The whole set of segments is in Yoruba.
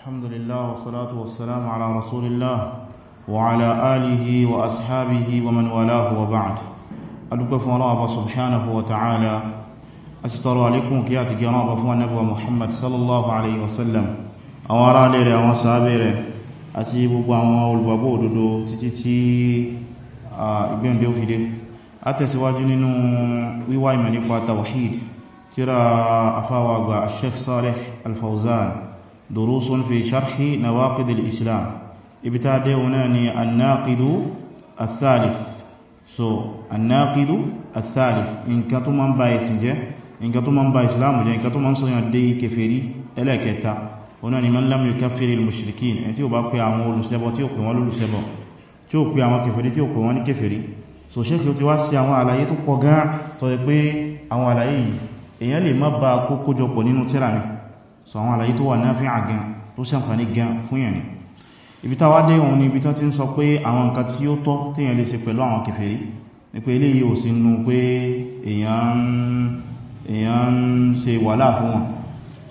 الحمد لله والصلاة والسلام على رسول الله وعلى آله وأصحابه ومن والاه وبعد أدوك فرابة سبحانه وتعالى أستر عليكم كيات جرابة فنبوة محمد صلى الله عليه وسلم أورا ليرة وصابرة أسيب بواما والبابو دودو تتتي ابن ديو في دي أتسواج ننو ويواي من يقوى التوحيد ترى أفاوى الشيخ صالح الفوزان دروس في شرح نواقض الإسلام ابتدى هنا الناقد الثالث so الناقد الثالث إن كتو من بايس إن كتو من بايس لام إن كتو من صنع دي كفري إلا كتا هنا من لم يكفر المشركين أنتي يبقى عمو لسبو تيوك ولو لسبو تيوك عمو كفري تيوك وان كفري so sheikh yo ti wá sí àwọn àlàyé tó pọ̀ gan tó jẹ́ pé àwọn àlàyé yìí èyàn lè má so àwọn àlàyé tó wà nafi'a gan tó ṣàǹfàní gan fún yẹn ni ibi tá wá dé òun ni ibi tán ti ń sọ pé àwọn nǹkan tí ó tọ́ téèyàn lè ṣe pẹ̀lú àwọn kèfèrí ni pé eléyìí ò sí nu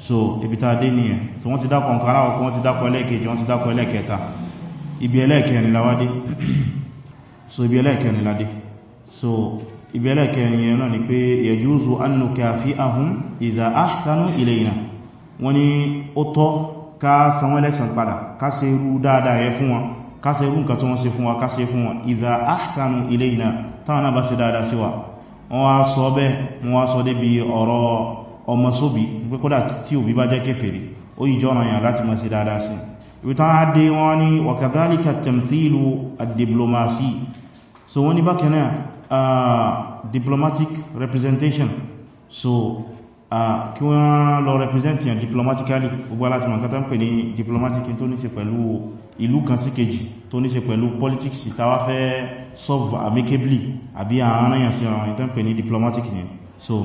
so ibi tá dé nìyẹn so wọ́n ti dákọ̀ nǹkan aláwọ̀kọ́ wọ́n ti dákọ̀ ẹlẹ́ẹ̀kejì wọ́n so ibi ẹlẹ́ẹ̀kẹrin ládé so ibi ẹlẹ́ẹ̀kẹrin yẹn náà ni pé yajuzu an nukafi'ahum idha ahsanu ilayna wọ́n ní ó tọ́ ká san wọ́n padà ká ṣe irú dáadáa yẹ fún wọn ká ṣe irú nǹkan tí wọ́n ṣe fún wa ká ṣe fún wọn idha ahsanu ilayna táwọn náà bá ṣe dáadáa sí wa wọ́n wá sọ bẹ́ẹ̀ wọ́n wá sọ débi ọ̀rọ̀ ọmọ sóbi pé kódà tí òbí bá jẹ́ kèfèrí ó yìí jọ́nà yàn láti mọ̀ sí dáadáa sí ibi tán á ah, diplomatic representation so kí wọ́n lọ represent yàn diplomatically gbogbo aláti mọ̀ nǹkan ń pè ní diplomatic tó ní ṣe pẹ̀lú ìlú kan sí kejì tó ní ṣe pẹ̀lú politics tàwà fẹ́ solve amicably àbí àárín yàn sí àwọn ìtẹ́ pè ní diplomatic ni so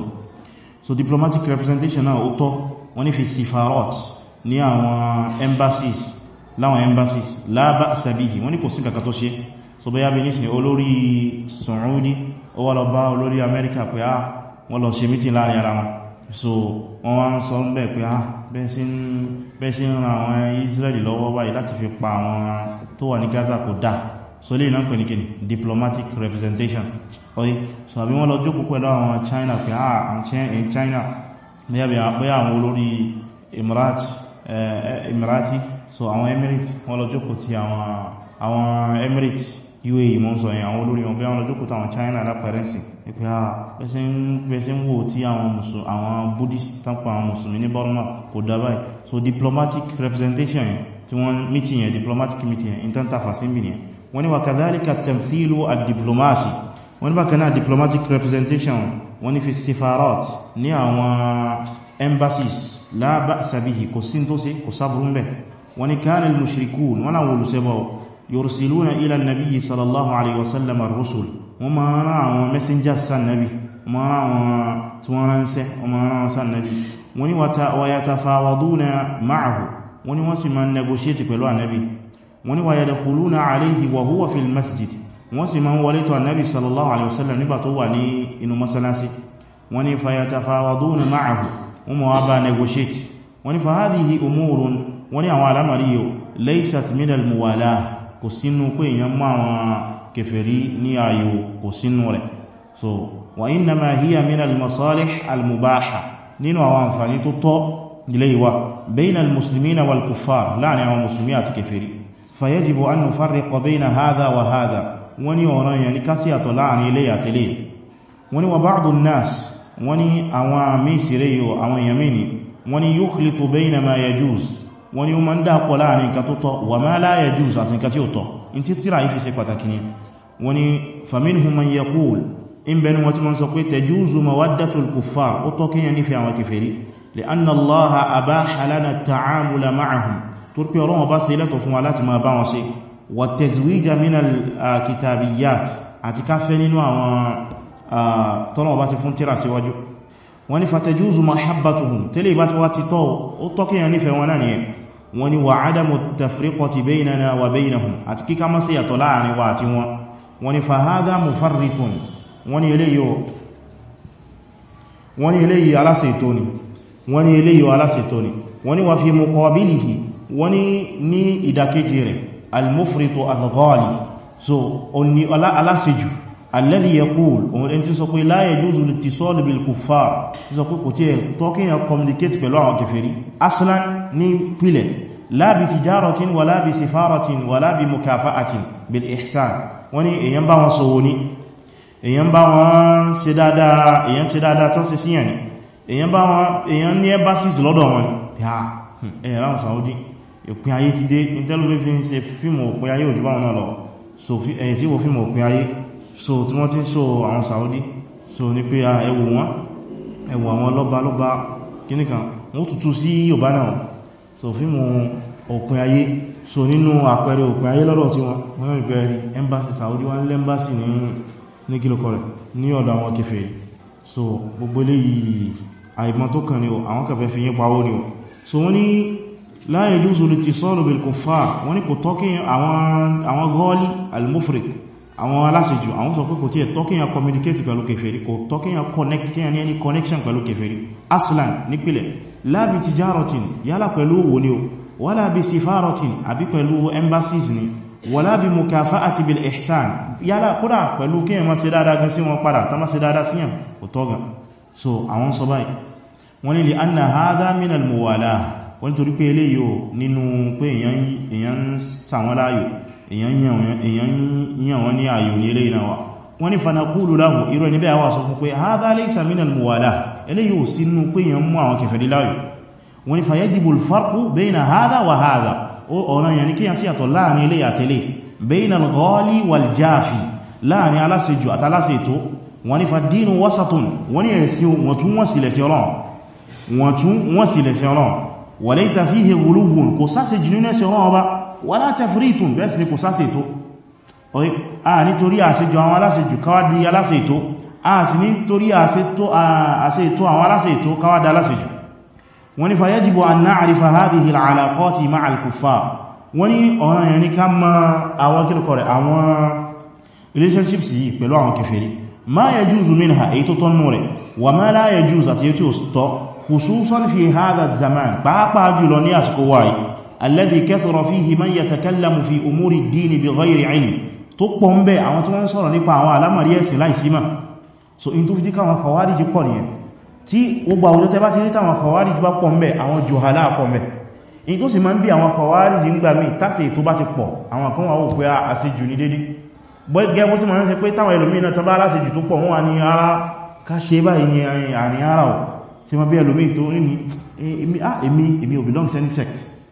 so diplomatic representation náà ó tọ́ wọ́n ní fi sifarot ní àwọn embassies láwọn embassies la ba'sa bihi wọ́n ní kò sí kàkà tó ṣe so bóyá bí nísìn olórí Saudi ó wá lọ bá olórí Amẹ́ríkà pé á ah, wọ́n lọ ṣe mítìn láàrin ara wọn so wọ́n wá ń sọ bẹ́ẹ̀ pé ah bẹ́ẹ̀ sí ń ra àwọn Israeli lọ́wọ́ báyìí láti fi pa àwọn tó wà ní Gaza kò dáa so lè náà pè ní diplomatic representation oye so àbí wọ́n lọ jókòó pẹ̀lú àwọn China pé ah in eh, China níyàbí pé àwọn olórí Emirati eh, Emirati so àwọn Emirates wọ́n lọ jókòó ti àwọn Emirates UAE mọ́ sọ yẹn àwọn olórí wọn bí wọ́n lọ jókòó tàwọn China lápẹrẹsìn ìpé à pẹ́sẹ̀ ń wò tí àwọn buddhist tankpa àwọn mùsùlùmí ní Burma kò dábáì so diplomatic representation tí wọ́n meeting yẹn diplomatic meeting yẹn intan tafa sí mi yẹn wọ́n ni wà kadhalika tamthilu ad-diplomasi wọ́n ni bákanáà diplomatic representation wọ́n ni fi sefarat ní àwọn embassies la ba'sa bihi kò sí tó sí kò sáburú ń bẹ̀ wọ́n ni kana al-mushrikun wọ́n láwọn olùsẹ́bọ̀ yursiluna ila nabi sallallahu alaihi wasallam ar-rusul wọ́n ma rán àwọn messengers san nabi wọ́n ma rán àwọn tí wọ́n ránṣẹ́ wọ́n ma rán san nabi wọ́n ni wa yatafawaduna ma'ahu wọ́n ni wọ́n sì ma negotiate pẹ̀lú anabi wọ́n ni wa yadkhuluna alayhi wa huwa fil masjid wọ́n sì ma ń wọlé tó anabi sallallahu alaihi wasallam nígbà tó wà ní inú masalasi wọ́n fa yatafawaduna ma'ahu wọ́n ma wá negotiate wọ́n fa hadhihi umurun wọ́n ni àwọn laysat min al-muwalah kò sínú pé èyàn mọ́ àwọn kèfèrí ní ayò kò sínú rẹ̀ so wa innama hiya min al-masalih al-mubaha nínú àwọn àǹfààní tó tọ́ ilé ìwà bayna al-muslimina wal-kuffar láàrin àwọn musulmi àti kèfèrí fayajibu an nufarriqa bayna hadha wa hadha wọ́n ọ̀ràn yẹn ní kásíyàtọ̀ láàrin ilé àtẹ́lé wọ́n wa ba'du nas wọ́n àwọn àmì ìsìrẹ́ àwọn èèyàn mìíní wọ́n ní yukhlitu ma yajuz wọ́n ni ó ma ń dápọ̀ láàrin nǹkan tó tọ́ wà máa la yajuz àti nǹkan tí ó tọ́ in tí tíra yìí fi ṣe pàtàkì ni wọ́n ni faminhum man yaqul in bẹni wọ́n tí wọ́n sọ pé tajuzu mawaddatul kuffar ó tọ́ kíyàn nífẹ́ àwọn kèfèrí li anna Allaha abaha ta'amula ma'ahum tó pé Ọlọ́run bá ṣe lẹ́tọ̀ fún wa láti máa bá wọn ṣe wa tazwija minal kitabiyyat àti káfẹ́ nínú àwọn tọ́lọ̀wọ̀ bá ti fún tíra síwájú wọ́n ni fatajuzu mahabbatuhum tẹ́lẹ̀ ìbá ti wá ti tọ́ ó tọ́kíyàn nífẹ̀ẹ́ wọn náà nìyẹn wọ́n ni wà ádámù tafriqati baynana wà baynahum àti kíká mọ́ sí yàtọ̀ láàrin wa àti wọn wọ́n ni fahadha mufarriqun wọ́n ni eléyìí aláṣètò ni wọ́n ni wà fi muqabilihi wọ́n ni ní ìdàkejì rẹ̀ al-mufritu al-ghali so aláṣejù alladhi yaqul òun ẹni tí sọ pé la yajuzu al-ittisal bil-kuffar tí sọ pé kò tí ẹ̀ tọ́kíyàn communicate pẹ̀lú àwọn kèfèrí aslan ní pílẹ̀ la bi tijaratin wala bi sifaratin wala bi mukafa'atin bil-ihsan wọ́n ni èyàn bá wọn sọ̀wọ́ ní èyàn bá wọn ṣe dáadáa ni èyàn bá wọn èyàn ní embassies so tí wọ́n ti ń so àwọn Saudi so ní pé ah, ẹwò wọn ẹwò àwọn lọ́ba lọ́ba kíníkan wọ́n tutù sí Yorùbá náà so fíìmù òpin ayé so nínú àpẹẹrẹ òpin ayé lọ́dọ̀ tí wọ́n wọ́n ìgbẹ́ rí embassy Saudi wọ́n lé embassy ní ní kílòkọ̀ rẹ̀ ní ọ̀dọ̀ àwọn kèfèrí so gbogbo o àwọn kẹfẹ́ o so wọ́n ní la yajuzu al-ittisalu bil-kuffar wọ́n ní kò tọ́kí àwọn gọ́ọ̀lì al àwọn aláṣejù àwọn sọ pé kò tí ẹ̀ tọ́kíyàn communicate pẹ̀lú kèfèrí kò tọ́kíyàn connect kíyàn ní any connection pẹ̀lú kèfèrí aslan nípìlẹ̀ lábi ti járọtin yálà pẹ̀lú owó ni o wà lábi sifarotin àbí pẹ̀lú embassies ni wà lábi mukafa àti bil ihsan yálà kúrà pẹ̀lú kíyàn máa ṣe dáadáa gan sí wọn padà tá máa ṣe dáadáa síyàn ò tọ́gà so àwọn sọ báyìí wọ́n ní li anna hadha min al muwala wọ́n nítorí pé eléyìí nínú pé èèyàn ń sàwọn láàyò èyàn yàn wọ́n ní ààyò ní ilé ìnáwà wọ́n ní fanakúlù láhù irú ẹni bẹ́ àwà sọ fún pé hadha laysa minal muwala eléyìí ò sínú pé èyàn mú àwọn kèfèrí láàyò wọ́n ní fayajibul farqu bayna hadha wa hadha ọ̀nà yẹn ni kí yàn sí àtọ̀ láàrin ilé àtẹ́lé baynal ghali wal jafi láàrin aláṣejù àtàláṣètò wọ́n ní fadinu wasatun wọ́n ní wala tafritun bẹ́ẹ̀ sì ni kò sáṣe ètò ọ̀rẹ́ a nítorí àṣejọ àwọn aláṣẹ jù káwàdí aláṣẹ ètò a sì nítorí àṣe ètò àwọn aláṣẹ ètò káwàdá aláṣẹ jù wọ́n ni fayajibu an na'rifa hadhihi al-alaqati ma'a al-kuffar wọ́n ni ọ̀ràn yẹn ni ká mọ àwọn kílùkọ̀rẹ̀ àwọn relationships yìí pẹ̀lú àwọn kèfèrí ma yajuzu minha èyí tó tọ́nù alladhi kathura fihi man yatakallamu fi umuri ad-din bighayri ilm tó pọ̀ ń bẹ àwọn tí wọ́n sọ̀rọ̀ nípa àwọn alámàrí ẹ̀sìn láìsí mà so in tó fi díkà àwọn khawarij pọ̀ nìyẹn tí gbogbo àwùjọ tẹ́ bá ti ríta àwọn khawarij bá pọ̀ ń bẹ àwọn juhala pọ̀ ń bẹ in tó sì máa ń bí àwọn khawarij nígbà míì táṣì tó bá ti pọ̀ àwọn kan wà ó pé ah, àṣejù ní dédé gẹ́gẹ́ bó sì máa ń ṣe pé táwọn ẹlòmíì náà tán bá aláṣejù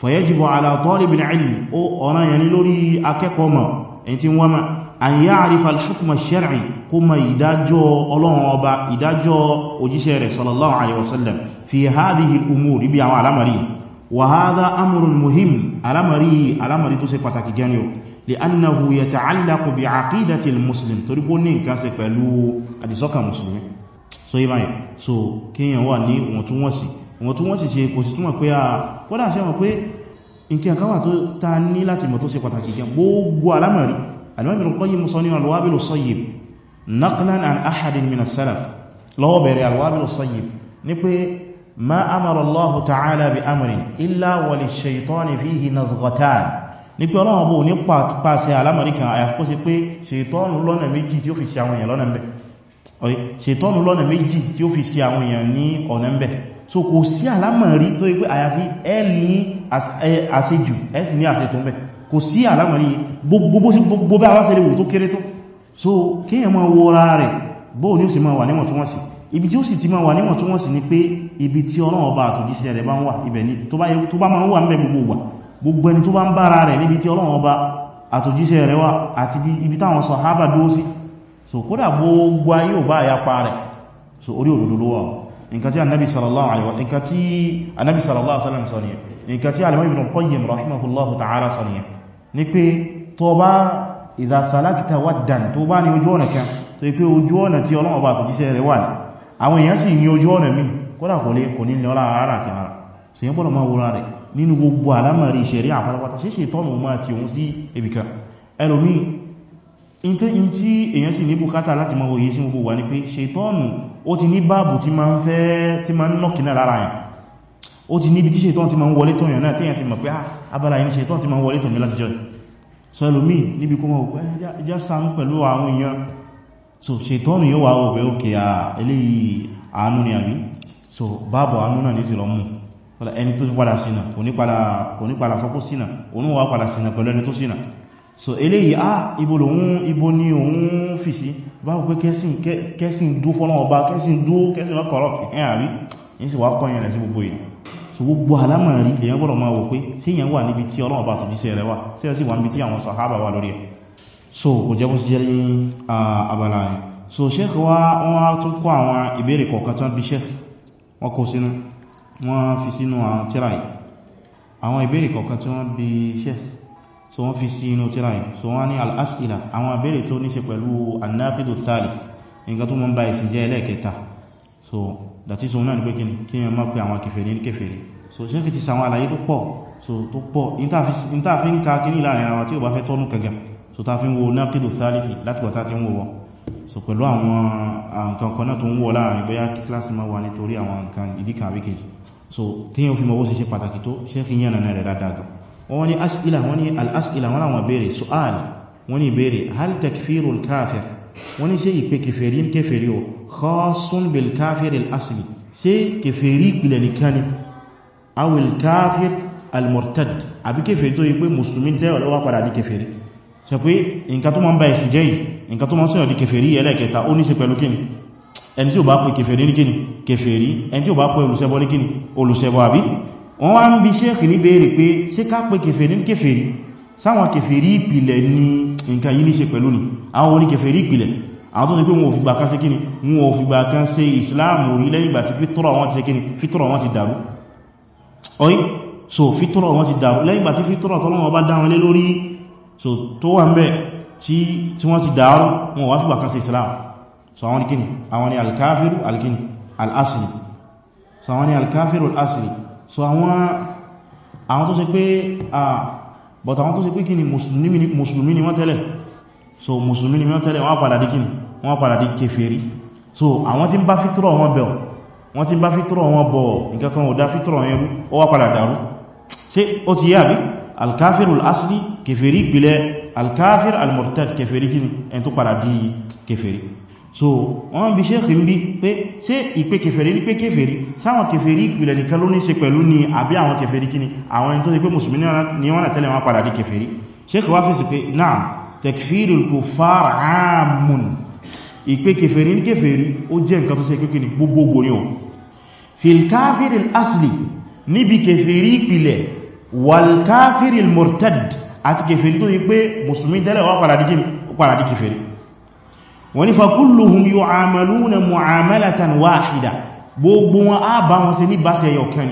fọ̀yẹ́jìbọ̀ àlàtọ́lìbìn ilmi ó ọ̀rán yẹni lórí akẹ́kọ̀ọ́ mọ̀ ẹni tí wọ́n mọ̀ an yá àrífà al-hukma ash-shar'i kó ma ìdájọ́ ọlọ́run ọba ìdájọ́ òjíṣẹ́ rẹ̀ sallallahu alaihi wasallam fi hadhihi al-umur ibi àwọn alamari wa hadha amrun muhim alamari alamari tó ṣe pàtàkì gani o li'annahu yata'allaqu bi aqidati al-muslim torí kó ní nǹkan ṣe wọ́n tún wọ́n sì ṣe kò sí túnmọ̀ pé a ah, kódà ṣe mọ̀ pé nǹkan kan wà tó ta ní láti mọ̀ tó ṣe pàtàkì gan gbogbo alámọ̀rí alimọ́bìnrin kọ́ yí mú sọ ní alwabilu sayyib naqlan an ahadin min as-salaf lọ́wọ́ bẹ̀rẹ̀ alwabilu sayyib ní pé ma amara allahu ta'ala bi amrin illa wa li shaitani fihi nazghatan ní pé ọlọ́wọ́ bó ní pàṣẹ alámọ̀rí kan àyàfikó sí pé shaitani lọ́nà méjì tí ó fi sí àwọn èèyàn lọ́nà ń bẹ̀ so kò sí àlámọ̀ rí tó ipé àyàfi ẹ ní àṣejù ẹ sì ní àṣẹ tó ń bẹ̀ kò sí àlámọ̀ rí gbogbo bẹ́ àwáṣẹ́ lè wò tó kéré tó so kíyàn máa wo ra rẹ̀ bóò ní ó sì máa wà níwọ̀ntúnwọ̀nsì ibi tí ó sì ti máa wà níwọ̀ntúnwọ̀nsì ni pé ibi tí Ọlọ́run Ọba àtòjíṣẹ́ rẹ̀ bá ń wà ibẹ̀ ni tó bá máa ń wà ń bẹ gbogbo wà gbogbo ẹni tó bá ń bára rẹ̀ níbi tí Ọlọ́run Ọba àtòjíṣẹ́ rẹ̀ wà àti ibi táwọn sàhábà dúró sí so kódà gbogbo ayé ò bá àyapa rẹ̀ so orí òdòdó lówà nǹkan tí annabi sallallahu alaihi wa nǹkan tí annabi sallallahu alaihi wa sallam sọ ni nǹkan tí alimọ́ ibn qayyim rahimahullahu ta'ala sọ ni ni pé tó bá idha salakta waddan tó bá ní ojú ọ̀nà kan tó yí pé ojú ọ̀nà tí ọlọ́wọ́ bá tọ́jíṣẹ́ rẹ̀ wà ní àwọn èèyàn sì ní ojú ọ̀nà mi kódà kò lè kò ní lọ ara àti ara so yẹn bọ́lọ̀ máa wúra rẹ̀ nínú gbogbo alámàrí ìṣẹ̀rí àpátápátá ṣíṣe tọ́nù máa ti òun sí ibìkan ẹlòmíì in tí èyàn sì ní bùkátà láti mọ̀ òye sí gbogbo wà ní pé ṣètọ́nù ó ti ní báàbù tí ma ń fẹ́ tí ma ń nọ́kì náà lára yàn ó ti níbi tí ṣètọ́n ti ma ń wọlé tó yàn náà tí èyàn ti mọ̀ pé ah, abala yìí ṣètọ́n ti ma ń wọlé tó láti jọ so ẹlòmí níbi kó mọ̀ ẹjá sáà so ṣètọ́nù yóò ni àbí so báàbù àánú náà ní ti lọ mú ẹni tó padà sínà kò ní padà sọ́kó sínà òun wà padà sínà so eléyìí ah ibo lòun ibo ni òun fi sí báwo pé kẹ́sìn dú fọ́nà ọba kẹ́sìn dú kẹ́sìn lọ kọ̀rọ̀kì ẹ̀ àrí ní sì wá kọ́yìn rẹ̀ sí gbogbo yìí so gbogbo alámọ̀ rí lèyàn gbọ́dọ̀ máa wò pé sí èyàn wà níbi tí Ọlọ́run bá tòbí sí rẹ̀ wà sí ẹ̀ sì wà níbi tí àwọn sàhábà wà lórí ẹ̀ so kò jẹ́ bó sì jẹ́ ní abala yẹn so sheikh wa wọ́n á tún kó àwọn ìbéèrè kọ̀ọ̀kan tán bí sheikh wọ́n kó sínú wọ́n fi sínú àwọn tíra yìí àwọn ìbéèrè kọ̀ọ̀kan tí wọ́n bí sheikh so wọ́n fi sí inú tíra yìí so wọ́n ní al-as'ila àwọn abẹ́rẹ̀ tó níṣe pẹ̀lú annaqidu thalith nǹkan tó mọ́ ń bá ìsìn jẹ́ ẹlẹ́ẹ̀kẹta so dàtí so náà ní pé kí ni mọ́ pé àwọn kèfèrí ní kèfèrí so ṣe kìí ti sàwọn àlàyé tó pọ̀ so tó pọ̀ inta ń ka kí ní láàrin ara tí ó bá fẹ́ tọ́nù kẹgẹ so ta fi ń wo naqidu thalith láti gbọ́ta ti ń wo so pẹ̀lú àwọn nǹkan kan náà tó ń wọ láàrin bóyá kí kíláàsì máa wà nítorí àwọn nǹkan ìdíkà wíkèjì so tí yóò fi mọ̀ bó ṣe ṣe pàtàkì tó ṣe kí yẹn nà rẹ̀ dáadáa wọ́n ní as'ila wọ́n ní al'as'ila wọ́n láwọn bèèrè su'al wọ́n ní bèèrè hal takfirul kafir wọ́n ní ṣe ìpe kèfèrí ní kèfèrí o khasun bil kafir al'asli ṣe kèfèrí ìpìlẹ̀ nìkan ni awil kafir al-murtad àbí kèfèrí tó yí pé musulmi tẹ́wọ̀ lọ́wọ́ padà di kèfèrí ṣe pé nǹkan tó ma ń bá ẹ̀sìn jẹ́ yìí nǹkan tó ma ń sọ̀yọ̀ wọ́n wá ń bí ṣéèkì ní béèrè pé ṣé ká pé kèfèrí ní sáwọn kèfèrí ìpìlẹ̀ ní nǹkan yìí ní ṣe pẹ̀lú ni àwọn oní kèfèrí ìpìlẹ̀ àwọn tó ní pé wọn ò fìgbà kan ṣe kíni wọn ò fìgbà kan ṣe ìsìláàmù rí lẹ́yìn ìgbà tí fítọ́rọ̀ so fítọ́rọ̀ wọn ti dàrú lẹ́yìn ìgbà tí fítọ́rọ̀ tọ́lọ́wọ́ bá so tó wà ń ti dàrú wọn wá fìgbà kan ṣe so àwọn ni kíni àwọn al-asli so àwọn ni alkafiru al so àwọn àwọn tó ṣe pé ah but àwọn tó ṣe pé kíni mùsùlùmí ni wọ́n tẹ́lẹ̀ so mùsùlùmí ni wọ́n tẹ́lẹ̀ wọ́n padà di kíni wọ́n padà di kèfèrí so àwọn tí ń bá fítúrọ̀ wọn bẹ̀ wọ́n tí ń bá fítúrọ̀ wọn bọ̀ nǹkankan ò dá fítúrọ̀ yẹn rú ó wá padà dàrú ṣé ó ti yàbí alkafir al-asli kèfèrí ìpìlẹ̀ alkafir al-murtad kèfèrí kíni ẹni tó padà di kèfèrí so wọ́n bí Sheikh ń bí pé ṣe ìpé kèfèrí ní pé kèfèrí sáwọn kèfèrí ìpìlẹ̀ nìkan ló ní ṣe pẹ̀lú ní àbí àwọn kèfèrí kíni àwọn ẹni tó ṣe pé mùsùlùmí ni wọ́n na tẹ́lẹ̀ wọ́n padà di kèfèrí Sheikh wá fèsì pé naam takfirul kufar amun ìpé kèfèrí ní kèfèrí ó jẹ́ nǹkan tó ṣe pé kíni gbogbogbò ni ó wọ́n ní fakulluhum yu'amaluna mu'amalatan wahida gbogbo wọn á bá wọn ṣe ní bá ṣe yọkan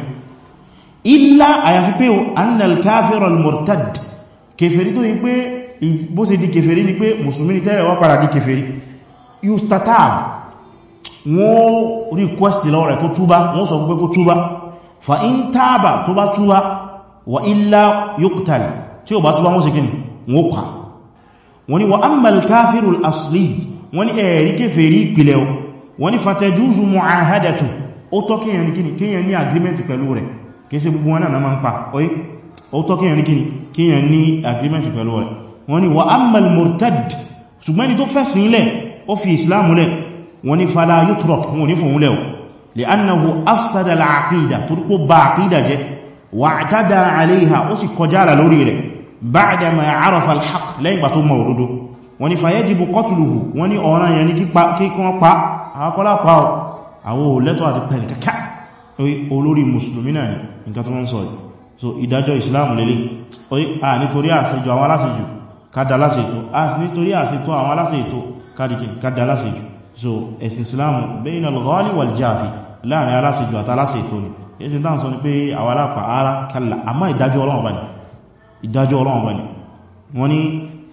illa àyàfi pé annal kafir al-murtad kèfèrí tó yí pé bó ṣe di kèfèrí ni pé musulmi ni tẹ́rẹ̀ padà di kèfèrí yustatab wọ́n request wa illa yuqtal kafirul asli wọ́n ní ẹ̀rí kéfèrí ìpìlẹ̀ o wọ́n ní fatajuzu mu'ahadatu ó tọ́ kíyàn ní kíni kíyàn ní agreement pẹ̀lú rẹ̀ kéṣe gbogbo wọn náà máa ń pa oye ó tọ́ kíyàn ní kíni kíyàn ní agreement pẹ̀lú rẹ̀ wọ́n ní wa amma al-murtad ṣùgbọ́n ni tó fẹ̀sìn ilẹ̀ ó fi islam lẹ̀ wọ́n ní fala yutrok wọn ní fòun lẹ̀ wọ́n ni fàyẹ́jìbù kọtùlùhù wọ́n ni ọ̀ràn yẹn ni kí wọ́n pa àwọ́kọ́lá pa ọ̀ àwọ́ olẹ́tọ̀ àti pẹ̀lẹ̀ kàkà olórí mùsùlùmí náà ni nǹkan tó so ìdájọ́ islam lélẹ̀ a nítorí àṣejù àwọn aláṣejù kádà láṣejù a nítorí àṣetò àwọn aláṣejù kádà láṣejù so ẹ̀sìn islam bainal ghali wal jafi láàrin aláṣejù àti aláṣejù ni ẹ̀sìn tán sọ ni pé ara kalla àmá ìdájọ́ ọlọ́run bá ni ìdájọ́ ọlọ́run bá wọ́n ni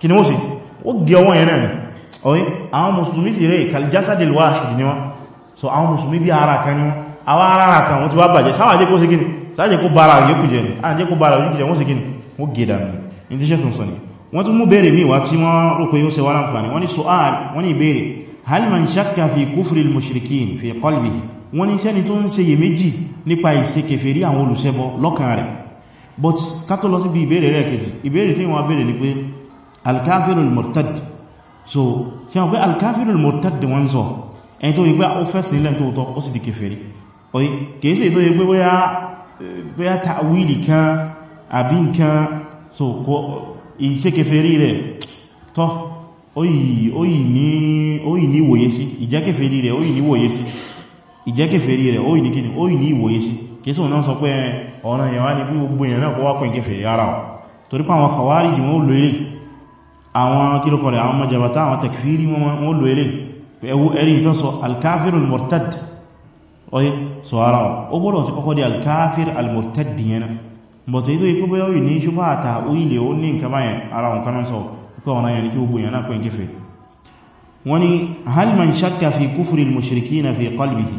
kí ni wọ́n ṣe ó gẹ ọwọ́ yẹn náà ni ọ̀yí àwọn musulmi sì rẹ̀ kàlìjásádìl wáṣìdì ni wọ́n so àwọn musulmi bí ara kan ni wọ́n àwọn ara kan wọ́n ti wá bàjẹ́ sáwàjẹ́ kó ṣe ni àjẹ́ kó bára yóò jẹ́ wọ́n ṣe kíni wọ́n gẹ̀ dànù ní tí sẹ́kùn sọ ni kufri al-mushrikin fi qalbihi wọ́n ní sẹ́ni tó ń ṣe iyèméjì nípa ìṣe but ká tó lọ sí bí ìbéèrè rẹ̀ kejì ìbéèrè tí wọ́n bèèrè ni pé alkafirul murtad so ṣe wọ́n pé alkafirul murtad wọ́n sọ ẹni tó yígbá ó fẹ́ sílẹ̀ tó tọ́ ó sì di kèfèrí oye kèése tó yígbé bóyá ta'wili kan àbí nkan so kò iṣẹ́ kèfèrí rẹ̀ tọ́ oyi ní wòye sí ìjẹ́ kèfèrí rẹ̀ oyi ní wòye sí ìjẹ́ kèfèrí rẹ̀ oyi ní kíni ni ní ìwòye sí kèése òun náà sọ pé ọ̀ràn èèyàn wá ní bí gbogbo èèyàn náà kó wá pín kèfèrí ara ọ̀ torípa àwọn khawarij wọn ó lórí àwọn kílùkọ̀ rẹ̀ àwọn ọmọ jabata àwọn takfiri wọn lò eré ẹwú ẹ̀rí tó sọ alkafirul murtad oye sọ ara ọ gbọ́dọ̀ ti kọ́kọ́ di alkafir almurtad yẹn bọ̀ tó yí tó yí púpọ̀ yóò ní ṣubá àta oílẹ̀ ó ní nǹkan báyẹn ara wọn kanáà sọ púpọ̀ wọn yẹn ni kí gbogbo yẹn náà pẹ́ kẹfẹ́ wọ́n ni hal man shakka fi kufri al-mushrikina fi qalbihi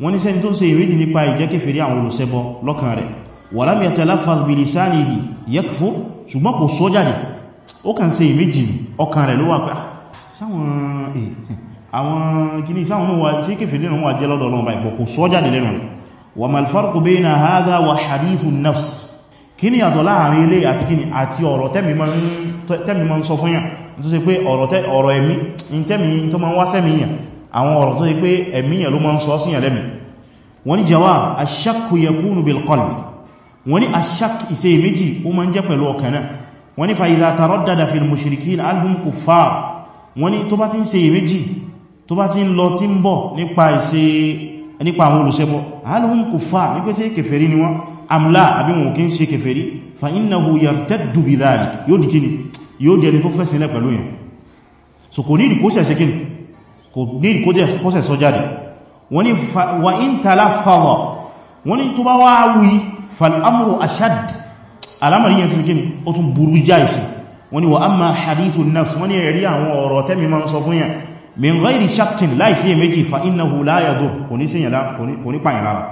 wọ́n ni sẹ́ni tó ń ṣe ìwédìí nípa ìjẹ́ àwọn olùṣẹbọ lọ́kàn rẹ̀ walam yatalaffaz bilisanihi yakfur ṣùgbọ́n kò sọ ó kàn ṣe ìméjì ọkàn rẹ̀ ló wà pé ah, sáwọn eh, àwọn kìíní sáwọn náà wà sí kèfèrí náà wà jẹ́ lọ́dọ̀ Ọlọ́run bá ìgbọ̀kù sọ jáde lẹ́nu wa mal farqu bayna hadha wa hadithu nafs kíní yàtọ̀ láàrin ilé àti kíní àti ọ̀rọ̀ tẹ́mi ma ń sọ fún yàn tó ṣe pé ọ̀rọ̀ ẹ̀mí in tẹ́mi tó ma ń wá sẹ́mi yàn àwọn ọ̀rọ̀ tó ṣe pé ẹ̀mí yàn ló ma ń sọ sí yàn lẹ́mí wọ́n ní jawab ashakku yakunu bil qalb wọ́n ní ashak ìṣe méjì ó ma ń jẹ́ pẹ̀lú ọkàn náà wọ́n ní fàílá tàrọ́dàdà fil mushrikin alhum kuffar wọ́n ní tó bá ti ń ṣe èméjì tó bá ti ń lọ tí ń bọ̀ nípa àwọn olùṣẹbọ alhum kuffar ní pé ṣe kèfèrí ni wọ́n amla àbí wọn kí ń ṣe kèfèrí fa innahu yartaddu bi dhalik alamari yẹn tuntun kíni ó tún burú jáì sí wọ́n ni wa amma hadithun nafs wọ́n ni ẹ̀rí àwọn ọ̀rọ̀ tẹ́mi ma ń sọ fún yàn min ghairi shakkin láìsí èméjì fa innahu la yadur kò ní sínyàlá kò ní pàyàn lára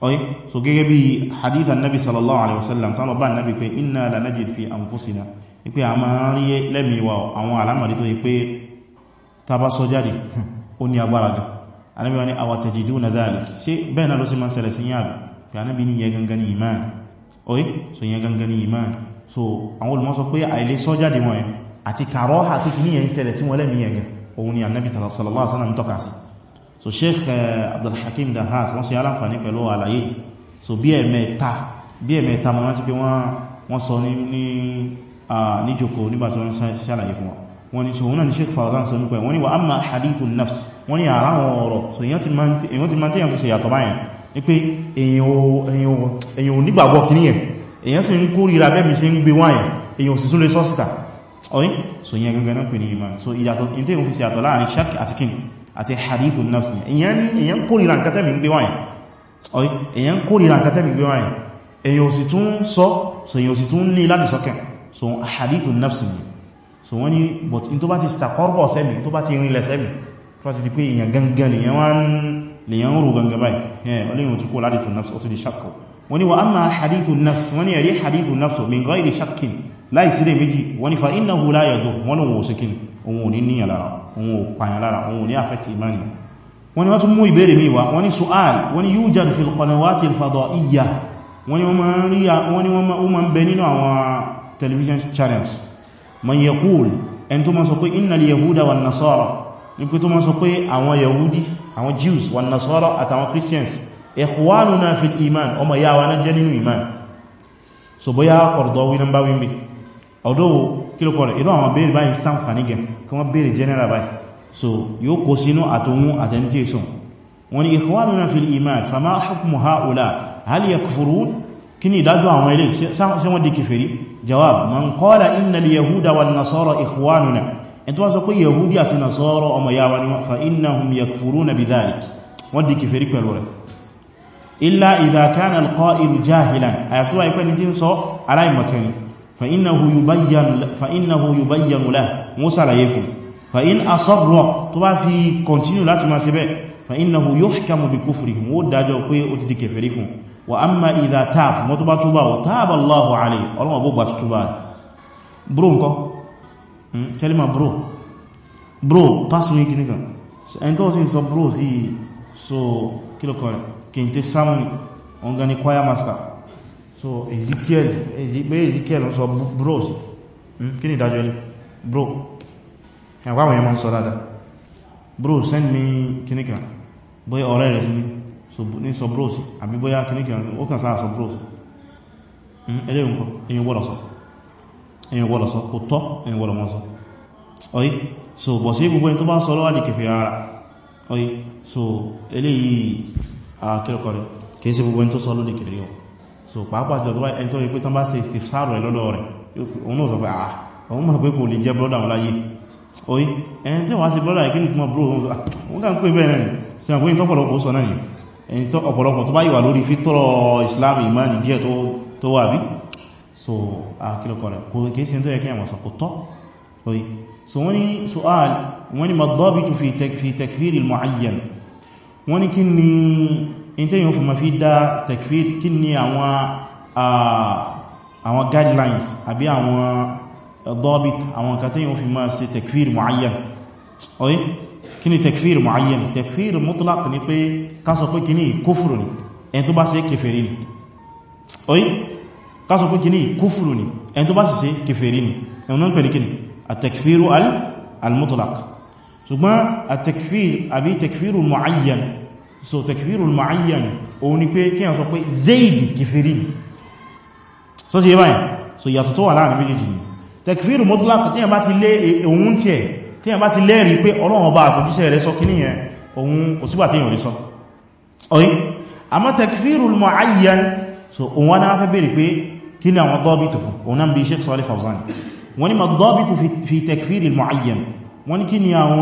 ọ̀yí so gẹ́gẹ́ bí hadith annabi sallallahu alaihi wasallam tánà bá annabi pé inna la najid fi anfusina ipe a máa rí lẹ́mìíwá àwọn alamari tó yí pé oye so yẹn gangan ní iman so àwọn olùmọ̀ sọ pé àìlé sọ jáde wọn yẹn àti kàrọ́ àti kìí yẹn ṣẹlẹ̀ sí wọn lẹ́mí yẹn òun ni annabi sallallahu alaihi wasallam tọ́ka sí so sheikh eh, abdulhakim dahas wọ́n ṣe aláǹfààní pẹ̀lú àlàyé so bí ẹ̀mẹ́ta bí ẹ̀mẹ́ta mọ́ rántí pé wọ́n sọ ní jòkó nígbà tí wọ́n ṣàlàyé fún wọn wọ́n ni ṣòhun náà ni sheik fawzan sọ nípa ẹ̀ wọ́n ní pé èyàn ò nígbàgbọ́ kìí yẹn èyàn sì ń kórìíra bẹ́mi ṣe ń gbé wáyẹ̀ èyàn ò sì tún lè sọ síta ọ̀yí so yẹn gẹ́gẹ́ náà pè ní ìmá so ìyàtọ̀ ìdí òun fi sí àtọ̀ láàrin shak àti king àti hadithu nafsi èyàn kórìíra nǹkan tẹ́mi ń gbé wáyẹ̀ ọ̀yí èyàn kórìíra nǹkan tẹ́mi ń gbé wáyẹ̀ èyàn ò sì tún sọ so èyàn ò sì tún ní e láti sọ́kẹ̀ so hadithu nafsi ni so wọ́n ni but in tó bá ti stakọ́rọ̀ sẹ́mi tó bá ti rinlẹ̀ sẹ́mi tó bá ti di pé èyàn gangan èyàn wá lèyàn ń rò gangan báyìí ọlẹ́yìn tí kó láti tún nafs ó ti di ṣakọ̀ wọ́n ni wa amma hadithu nafs wọ́n ni ẹ̀rí hadithu nafs min ghairi shakkin láì sílẹ̀ méjì wọ́n ni fa innahu la yadur wọ́n ni wọ́n sikin òun ò ní níyàn lára òun ò pààyàn lára òun ò ní affect imani wọ́n ni wọ́n tún mú ìbéèrè mi wá wọ́n ni su'al wọ́n ni ma ń bẹ nínú yahudi àwọn Jews wọn Nasara àtàwọn Christians ikhwanuna fil iman ọmọ ìyá wa náà jẹ́ nínú iman so bóyá Qardawi nọ́mbà wíńbí ọdọ́wọ́ kílùkọ́ rẹ̀ inú àwọn béèrè báyìí sáǹfàní gẹn kí wọ́n béèrè general báyìí so yóò kó sínú àtòhun àtẹnití èso wọn ni ikhwanuna fil iman fama hukmu haula hal yakfurun kí ni ìdájọ́ àwọn ilé ṣe wọ́n di ẹn tó wá sọ pé yahudi àti nasọ́rọ̀ ọmọ yáwa ni wọ́n fa innahum yakfuruna bidhalik wọ́n di kìfèrí pẹ̀lú rẹ̀ illa idha kana al-qa'ilu jahilan àyàfi wáyé pẹ́ ni tí ń sọ wa amma idha taab wọ́n tó bá túbá wa taaba Allahu alayhi ọlọ́wọ́ bó gbà túbá bro nǹkan kẹlìmà hmm? bro bro pass me gini kan ẹni tó sì sọ bro sí so kílọ̀kọ̀ rẹ̀ kìntẹ́ samuel wọn gani choir master so ezekiel ezekiel eh, sọ bro sí kí ni ìdájọ́ ilé bro ẹ̀kọ́ àwọn ẹmọ sọ dáadáa bro send me kini kan bóyá ọ̀rẹ́ rẹ̀ sí ní sọ bro sí àbí bóyá kini kan ó kàn sáà sọ bro sí ẹlẹ́yìn kọ́ èyí gbọ́dọ̀ sọ ẹ̀yìn wọ́lọ̀ sọ kò tọ́ ẹ̀yìn wọ́lọ̀ mọ́ sọ ọ̀yí so bọ̀ sí gbogbo ẹni tó bá ń sọ lọ́wà ní kẹfẹ́ ara ọ̀yí so eléyìí akẹ́kọ̀ọ́ rẹ̀ kìí sí gbogbo ẹni tó sọ lóní kẹfẹ́ rẹ̀ so pàápàá jọ ẹni tó rí pé tán bá ṣe istifsaru rẹ̀ lọ́dọ̀ rẹ̀ òun náà sọ pé àà ah, òun mọ̀ pé kò lè jẹ́ brọ́dà wọn láyé ọ̀yí ẹni tí wọ́n á sí brọ́dà ìkíni fún ọbrọ́ òun ah, kà ń pè bẹ́ẹ̀ náà sí àwọn ìtọ́ ọ̀pọ̀lọpọ̀ sọ náà ni ẹni tó ọ̀pọ̀lọpọ̀ tó bá yìí wà lórí fítọ́rọ̀ Islam ìmáàni díẹ̀ tó wà bí so akílọ́kọ̀ rẹ̀ kò kìí sin tó yẹ kí àwọn sọ̀kò tọ́ orí so wọ́n ni su'al wọ́n ni madhabitu fi takfiri al-mu'ayyan wọ́n ni kí ni in tẹ́yìn fún ma fi dá takfiri kí ni àwọn guidelines àbí àwọn dhabit àwọn nǹkan tẹ́yìn fún ma ṣe takfiri mu'ayyan orí kí ni takfiri mu'ayyan takfiri mutlaq ni pé ká sọ pé kí ni ni ẹni tó bá ṣe kèfèrí ni kásọ pé kìíní kúfùrù ni ẹni tó bá sì ṣe kèfèrí ni ẹ̀nà ń pẹ̀lú kìíní àtẹ̀kfíru al-mutlaq ṣùgbọ́n àtẹ̀kfíru àbí tẹ̀kfíru mu'ayyan so tẹ̀kfíru mu'ayyan òun ni pé kí a sọ pé zaidi kèfèrí ni so ti yé báyìí so yàtọ̀ tó wà láàrin méjèèjì ni tẹ̀kfíru mutlaq tí a bá ti lé e, òun tiẹ̀ tí a bá ti lẹ́rìí pé ọlọ́run ọba àfojúsẹ́ rẹ̀ sọ kíní yẹn òun kò so òun wá náà fẹ́ bèèrè pé kí ni àwọn dọ́bìtù òun náà bí Shaykh Saalih Fawzān wọ́n ni ma dọ́bìtù fi takfiril mu'ayyan wọ́n ni kí ni àwọn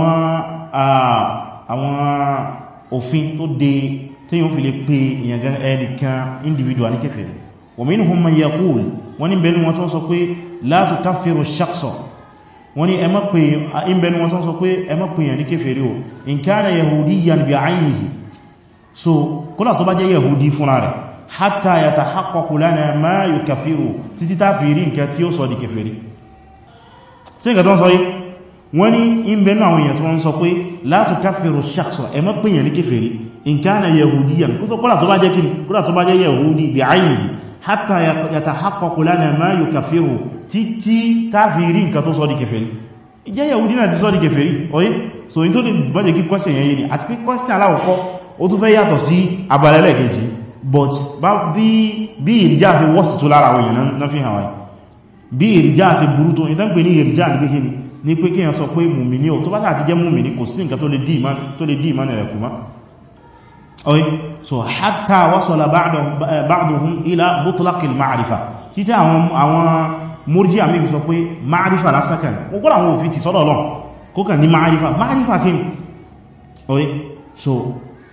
òfin tó dé tí yóò fi lè pé ìyàngán ẹnìkan individual ní kèfèrí wa minhum man yaqūl wọ́n ni bẹ̀rẹ̀ wọn tó sọ pé lā tukaffiru ash-shakhṣa wọ́n ni ẹmọ́pẹ̀yàn wọn tó sọ pé ẹmọ́pẹ̀yàn ní kèfèrí o in kāna yahudiyyan bi'aynihi so kódà tó bá jẹ́ yahudi fúnra rẹ̀ hatta yatahaqqaqu lana ma yukaffiru títí tá fi rí nǹkan tí ó sọ di kèfèrí sí nǹkan tó ń sọ yí wọ́n ní ìbẹ̀nú àwọn èèyàn tí wọ́n ń sọ pé la tukaffiru shakhsa ẹ má pèèyàn ní kèfèrí in kana yahudiyan kódà tó bá jẹ́ kíni kódà tó bá jẹ́ yahudi bí ayìí hatta yatahaqqaqu lana ma yukaffiru títí tá fi rí nǹkan tó sọ di kèfèrí ìjẹ́ yahudi náà ti sọ di kèfèrí oye so in tó lè bọ́jẹ̀ kí kwẹ́sẹ̀ yẹn ni àti pé kwẹ́sẹ̀ aláwọ̀kọ́ ó tún fẹ́ yàtọ̀ sí abalẹ́lẹ̀ kejì but bí ìrìjá ṣe wọ́sì tó lára àwọn èèyàn náà fi hàn wáyé bí ìrìjá ṣe burú tó ìtàn pè ní ìrìjá ní pé kí ni ní pé kí yàn sọ pé mùmìní ò tó bá láti jẹ́ mùmìní kò sí nǹkan tó lè dí ìmánì rẹ̀ kù ọ̀yí so hatta wasala ba'duhum ila mutlaqil ma'rifa títí àwọn múrjí àmì sọ pé ma'rifa lásàkàn ó kọ́ àwọn òfin ti sọ́dọ̀ lọ kó kàn ní ma'rifa ma'rifa kí so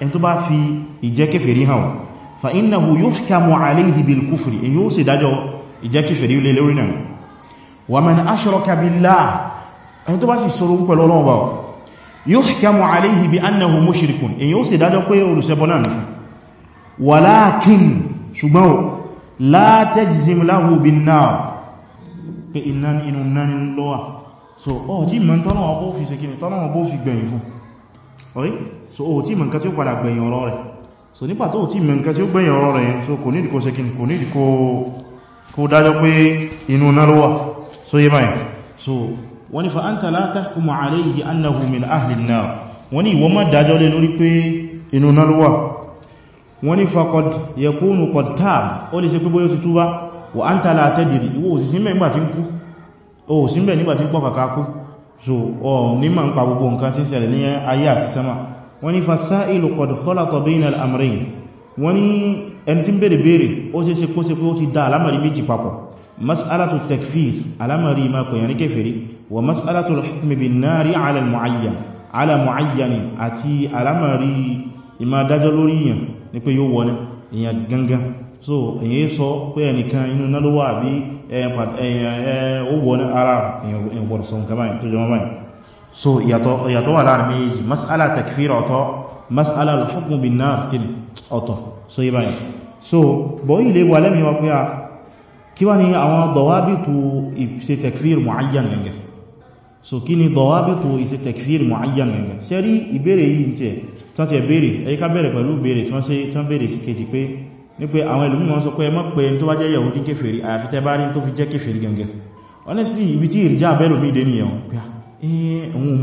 ẹni tó bá fi ìjẹ́ kèfèrí hàn fa innahu yuhkamu alayhi bil kufri èyí ó sì dájọ́ ìjẹ́ kèfèrí lé lórí náà wa man ashraka billah ẹni tó bá sì sọ̀rọ̀ pẹ̀lú Ọlọ́run bá yuhkamu alayhi bi annahu mushrikun èyí ó sì dájọ́ pé so ọ̀ tí mọ́ tọ́nà ọgbó fi ṣe kí ni tọ́nà so o tí mọ̀ nǹkan tí ó padà gbẹ̀yìn ọ̀rọ̀ rẹ̀ so nípa tó tí mọ̀ nǹkan tí ó gbẹ̀yìn ọ̀rọ̀ rẹ̀ so kò nídìí kó ṣe kíni kò nídìí kó dájọ́ pé inú náà ló so yé báyìí so wọ́n ni fa anta la tahkumu alayhi annahu min ahli an-nar wọ́n ni ìwọ má dájọ́ lé lórí pé inú náà ló wà wọ́n ni faqad yakunu qad taab ó lè ṣe pé bóyá ó ti túbá anta la tadri ìwọ ò mẹ́ nígbà tí ń kú ó sì ń nígbà tí ń pọ̀ kàkà kú so ọ̀ ní ma ń pa gbogbo nǹkan tí ń ṣẹlẹ̀ ní ayé àti sẹ́mà wọ́n ní fasáìlù qad khalata bayna al-amrayn wọ́n ní ẹni tí ń bèèrè bèèrè ó sì ṣe kó ṣe pé ó ti dá alámàrí méjì papọ̀ mas'alatu takfir alámàrí ma pèyàn ní wa mas'alatu al-hukm àti alámàrí ìmá dájọ́ lórí èèyàn ní pé yóò wọ́n èèyàn gangan so ìyàtọ̀ wà láàrin méjì mas'ala takfir ọ̀tọ̀ mas'ala al-hukm bin nar kìlì ọ̀tọ̀ so yí báyìí so bọ̀ yí lè wà lẹ́mí wa pé a kí wá ní àwọn dawabitu ìṣe takfir mu'ayyan gẹ̀gẹ̀ so kí ni dawabitu ìṣe takfir mu'ayyan gẹ̀gẹ̀ ṣe rí ìbéèrè yìí tẹ̀ tán ti béèrè ẹ̀yí ká bẹ̀rẹ̀ pẹ̀lú béèrè tí wọ́n ṣe tán béèrè sí kejì pé ní pé àwọn ìlú mìíràn sọ pé ẹmọ́ pé tó bá jẹ́ yahudi kéfèrí àyàfi tẹ́ bá rí tó fi jẹ́ kéfèrí gẹ̀gẹ̀ honestly ibi tí ìrìjá abẹ́lòmí dé nìyẹn pé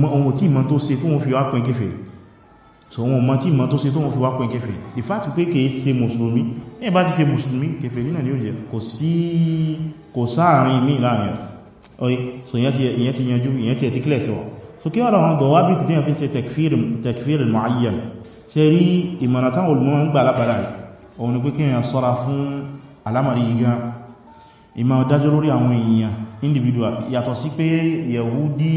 ohun tí ìmọ̀ tó ṣe tó wọ́n fi wá pín kéfèé so wọn mọ̀ tí ìmọ̀ tó ṣe tó wọ́n fi wá pín kéfèé the fact pé kìí ṣe mùsùlùmí ní ẹ̀bá ti ṣe mùsùlùmí kéfèé nínà ní ó jẹ kò sí kò sáàrin mí láàrin oye so ìyẹn ti yanjú ìyẹn ti ẹ̀ ti clear sí wọn so kí wọ́n àwọn dọ̀wà bí tìdíyàn fi ṣe tekfir mu'ayyan ṣe rí ìmọ̀nà táwọn olùmọ̀ ń gbà lábàlá òun ni pé kí èèyàn sọ́ra fún alámàrí yìí gan ìmọ̀ dájọ́ lórí àwọn individual yàtọ̀ sí pé yẹ̀wú dí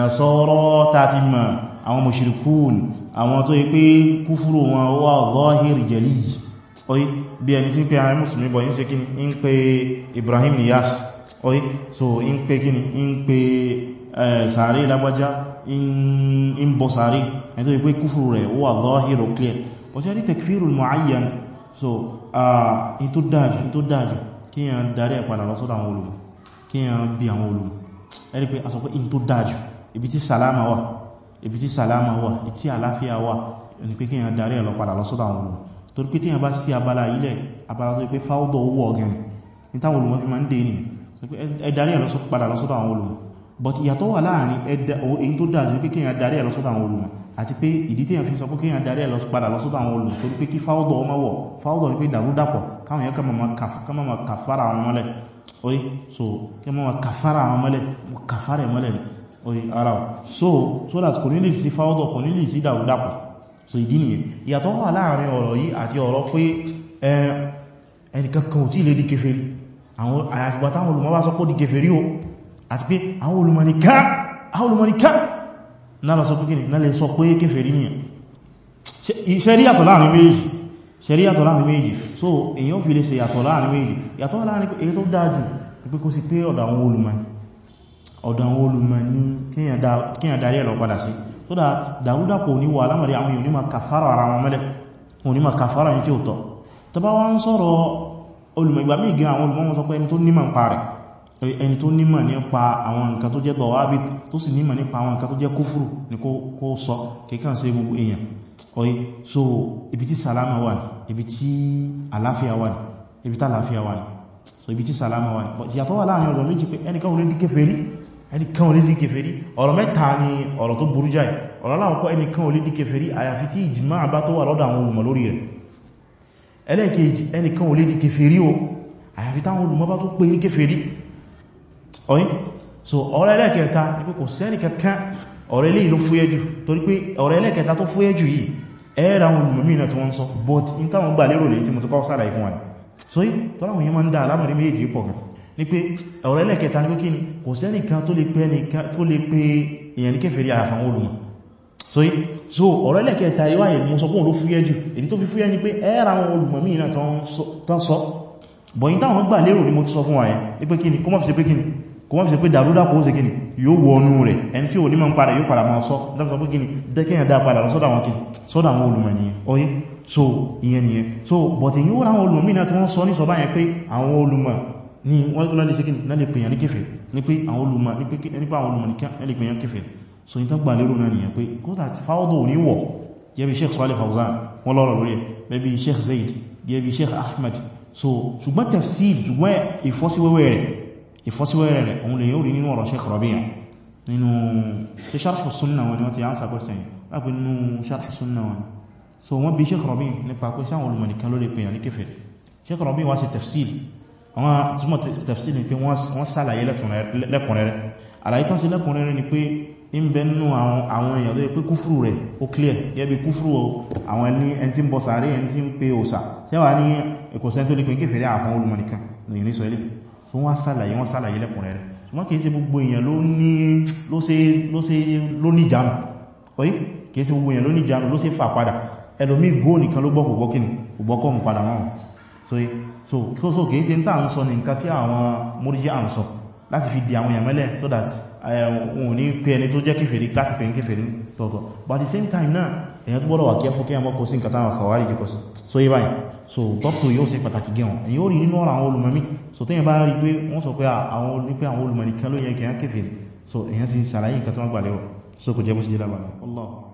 nasọ́rọ́ tàti mọ̀ àwọn mushrikun àwọn tó yí pé kúfúrò wọn wà zahir jali oyi bí ẹni tí ń pè àwọn musulmi bọ̀ yí ṣe kíni ń pè Ibrahim Niyash oyi so ń pè kíni ń pè sàárè lágbájá ń bọ sàárè ẹni tó yí pé kúfúrò rẹ̀ wà zahir clear but yẹ́ tekfirul mu'ayyan so in tó dájú in tó dájú kí yẹn darí ẹ̀padà lọ́sọ́dọ̀ àwọn olùmọ̀ kí yẹn bí àwọn olùmọ̀ ẹni pé a in tó dájú ibi tí salama wà ibi tí salama wà ibi tí àláfíà wà ní pé kí èyàn darí ẹ̀ lọ padà lọ́sọ́dọ̀ àwọn olùmọ̀ torí pé tí èyàn bá sí abala ilẹ̀ abala tó pé fáwọ́dọ̀ owó ọ̀gẹ̀rẹ̀ ní táwọn olùmọ̀ fi máa ń dè ní ẹ darí ẹ̀ lọ́sọ́ padà lọ́sọ́dọ̀ àwọn but ìyàtọ̀ wà láàrin èyí tó dáa ní pé kí èyàn darí ẹ̀ lọ́sọ́dọ̀ àwọn olùmọ̀ àti pé ìdí tí èyàn fi sọ pé kí èyàn darí ẹ̀ lọ́sọ́ padà lọ́sọ́dọ̀ àwọn olùmọ̀ torí pé kí fáwọ́dọ̀ ọmọ wọ̀ fáwọ́dọ̀ ní pé dàrúdàpọ̀ káwọn èyàn kàn máa kàfàrà àwọn mọ́lẹ̀ oye so kàfàrà mọ́lẹ̀ oye ara ọ̀ so so that kò nílì sí fáwọ́dọ̀ kò nílì sí dàrúdàpọ̀ so ìdí nìyẹn ìyàtọ̀ wà láàrin ọ̀rọ̀ yìí àti ọ̀rọ̀ pé ẹnìkankan ò tí lè di kèfèrí àwọn àyàfìgbà táwọn olùmọ̀ bá sọ pé di kèfèrí o àti pé àwọn olùmọ̀nìká àwọn olùmọ̀nìká náà sọ pé kí náà lè sọ pé kèfèrí nìyẹn ṣẹ́rí yàtọ̀ láàrin méjì ṣẹ́rí yàtọ̀ láàrin méjì so èyàn fi lè ṣe yàtọ̀ láàrin méjì yàtọ̀ láàrin pé èyí tó dájú pé kó sì pé ọ̀dọ̀ àwọn ọ̀dọ̀ àwọn olùmọ̀ ní kíyàn darí ẹ̀lọ padà sí so that dàrúdàpọ̀ oníwà alámọ̀rí àwọn èèyàn onímọ̀ kàfàrà ara wọn mẹ́lẹ̀ onímọ̀ kàfàrà ní tí ó tọ́ tó bá wọ́n sọ̀rọ̀ olùmọ̀ ìgbà míì gan àwọn olùmọ̀ wọn sọ pé ẹni tó nímọ̀ nípa rẹ̀ ẹni tó nímọ̀ nípa àwọn nǹkan tó jẹ́ dọ̀wábì tó sì nímọ̀ nípa àwọn nǹkan tó jẹ́ kúfùrù ní kó sọ kíkàn sí gbogbo èèyàn oye so ibi tí salama wà ní ibi tí àláfíà wà ní ibi tí àláfíà wà ní so ibi tí salama wà ní but ìyàtọ̀ wà láàrin ọ̀dọ̀ méjì pé ẹnìkan ò ní di kèfèrí ẹnìkan ò lè di kèfèrí ọ̀rọ̀ mẹ́ta ni ọ̀rọ̀ tó burú jáì ọ̀rọ̀ aláwọ̀kọ́ ẹnìkan ò lè di kèfèrí àyàfi tí ìjìmá bá tó wà lọ́dọ̀ àwọn olùmọ̀ lórí rẹ̀ ẹlẹ́ẹ̀kejì ẹnìkan ò lè di kèfèrí o àyàfi táwọn olùmọ̀ bá tó pè so ọ̀rọ̀ ẹlẹ́ẹ̀kẹta ni pé kò sẹ́nì kankan ọ̀rọ̀ eléyìí ló fúyẹ́ jù torí pé ọ̀rọ̀ ẹlẹ́ẹ̀kẹta tó fúyẹ́ jù yìí ẹ̀ẹ́ra àwọn but in táwọn gbà lérò lè tí mo tó kọ́ sára ìfún wa so ní pé ọ̀rọ̀ ẹlẹ́kẹta ní kí ni kò sẹ́nì kan tó lè pé èyàn ní kèfèrí àfàwọn olùmọ̀ so ọ̀rọ̀ ẹlẹ́kẹta ìwà ìmú sọ pé òun ló fúyẹ́ jù èdè tó fi fúyẹ́ ni ni mo ti sọ fún ààyẹ ní pé kíni kó mọ́ fi ṣe pé kíni kó mọ́ fi ṣe pé dàrúdàpọ̀ ó ṣe kíni yóò wọ ọnú rẹ̀ ẹni tí ò ní mọ́ ń padà yóò padà máa sọ dáfisọ pé kíni dẹ́kẹ́yàn dá padà lọ sọ́dọ̀ àwọn kíni so ìyẹn nìyẹn so bọ̀tẹ̀ yóò ráwọn olùmọ̀ míì náà tí wọ́n sọ ní sọ báyẹn pé àwọn olùmọ̀ ní wọ́n lọ́lẹ́ ṣe kí ní pèyàn ní kèfèrí ní pé àwọn olùmọ̀ ní pé nípa àwọn olùmọ̀ ní pèyàn kèfèrí so ní tán gbà lérò náà nìyàn pé kódà ti fáwọ́dọ̀ ní wọ̀ gẹ́bí Sheikh Salih Fawzan wọ́n lọ́rọ̀ lórí gẹ́bí Sheikh Zaid gẹ́bí Sheikh Ahmed so ṣùgbọ́n tafsir ṣùgbọ́n ìfọ́síwẹ́wẹ́ rẹ̀ ìfọ́síwẹ́wẹ́ rẹ̀ òun lè yóò rí nínú ọ̀rọ̀ Sheikh Rabi' nínú ṣe sharh sunna wọn ni wọ́n ti yá ń sàkọ́ sẹ́yìn lápẹ́ nínú so wọ́n bí Sheikh Rabi' nípa pé sáwọn olùmọ̀ nìkan ló lè pèyàn ní kèfèrí Sheikh Rabi' tafsir àwọn túnmọ̀ tafsir ni pé wọ́n sàlàyé lẹ́kùnrẹ́rẹ́ àlàyé tán sí lẹ́kùnrẹ́rẹ́ ni pé in bẹ nínú àwọn èèyàn tó yẹ pé kúfùrù rẹ̀ ó clear gẹ́bí kúfùrù àwọn ẹni ẹn tí ń bọ sàárè ẹn tí ń pe òsà tẹ́wà ní ẹkọ̀sẹ́ tó lè pé kéfèrè àwọn olùmọ̀nìkan ní ìrìnsọ ilé fún wọ́n sàlàyé wọ́n sàlàyé lẹ́kùnrẹ́rẹ́ ṣùgbọ́n kìí ṣe gbogbo èèyàn ló ní ló ṣe ló ṣe ló ní ìjánu oye kìí ṣe gbogbo èèyàn ló ní ìjánu ló ṣe fà padà ẹlòmí góò nìkan ló gbọ́kọ̀ gbọ́kíni gbọ́kọ̀ mú padà náà so so kí ó sọ kìí ṣe ń tàà ń sọ ní nǹkan tí àwọn múríjí à ń sọ láti fi di àwọn èèyàn mẹ́lẹ̀ so that eh, wọn ò ní pé ẹni tó jẹ́ kèfèrí láti pè ní kèfèrí tọ̀tọ̀ but at the same time náà èèyàn tó gbọ́dọ̀ wà kí ẹ fún kí ẹmọ́ kó sí nǹkan táwọn àkọwárí jù kọ sí so yí báyìí so dọ́pù yóò ṣe pàtàkì gẹ̀wọ̀n èyí ó rí nínú ọ̀rọ̀ àwọn olùmọ̀mí so tẹ́yìn bá rí pé wọ́n sọ pé àwọn olùmọ̀nìkan ló yẹ kẹ̀yàn kèfèrí so èèyàn ti sàlàyé nǹkan tí wọ́n gbà lérò so kò jẹ́ bó ṣe jẹ́ lábàlá